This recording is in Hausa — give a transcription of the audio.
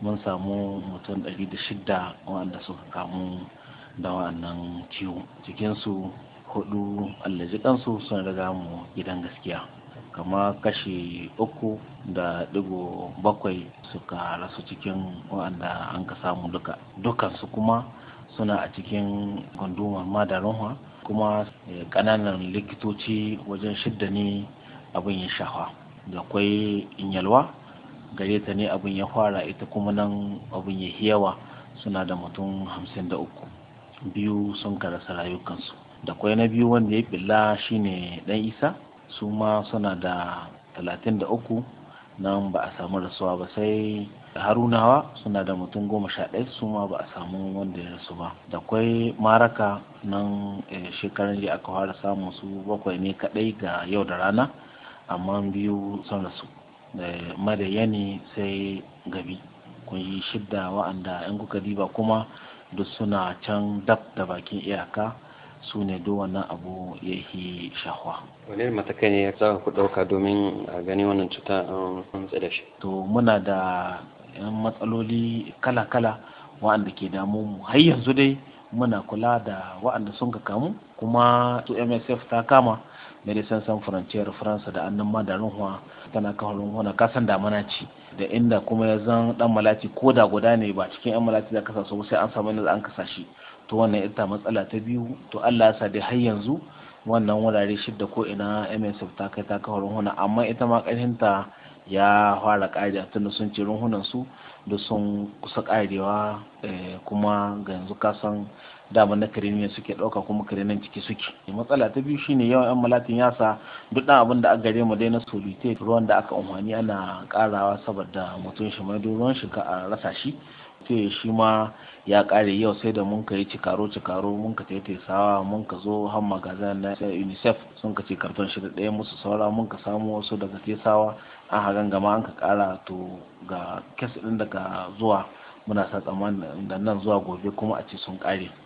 mun samu mutum 106 wanda suka kamu da wannan ciwo cikinsu hudu allajikansu sun riga mu gidan gaskiya kama kashi uku da digo bakwai suka rasu cikin wa'anda an ka samu duka dukansu kuma suna a cikin gundumar madarunwa kuma kananan eh, likitoci wajen shidda ne abin ya shafa da kwai inyalwa gare ta ne abin ya fara ita kuma nan abin ya yawa suna da mutum hamsin da uku biyu sun karasa rayukansu da kwai na biyu wanda ya billa shine dan isa su ma suna da talatin da uku nan ba a samu rasuwa ba sai harunawa suna da mutum goma sha ɗaya su ma ba a samu wanda ya rasu ba da kwai maraka nan eh, shekaran jiya aka fara samun su bakwai ne kaɗai ga yau da rana amma biyu sun rasu da madayani sai gabi kun yi shidda wa'anda in kuka diba kuma duk suna can dab da bakin iyaka su ne duk wannan abu ya yi shahwa. wani matakai ne ya za ku ɗauka domin a gani wannan cuta an tsada shi to muna da yan matsaloli kala-kala wa'anda ke damu mu har yanzu dai muna kula da wa'anda sun ka kamu kuma su msf ta kama medecins san frontier france da annan ma da huwa tana ruhuwa na kasan mana ci da inda kuma ya zan dan malati ko da guda ne ba cikin yan malati da kasa so sai an samu ne an kasa shi to wannan ita matsala ta biyu to Allah ya sa dai har yanzu wannan wurare shidda ko ina MSF ta kai ta kawo ruhuwa amma ita ma karhinta ya fara a tunda sun ci runhunan su da sun kusa ƙarewa eh, kuma ga yanzu kasan dama na kirinin suke ɗauka kuma kirinin ciki suke matsala ta biyu shine yawan yan malatin yasa duk ɗan abin da aka gare mu dai na ruwan da aka umarni ana karawa saboda mutum shi mai ruwan shi ka a rasa shi te shi ma ya kare yau sai da mun ka yi cikaro cikaro mun ka tete sawa mun ka zo har magazin na unicef sun ka ce karton shida da ɗaya musu saura mun ka samu wasu daga tesawa an hagan gama an ka kara to ga kes ɗin daga zuwa muna sa tsammanin da nan zuwa gobe kuma a ce sun kare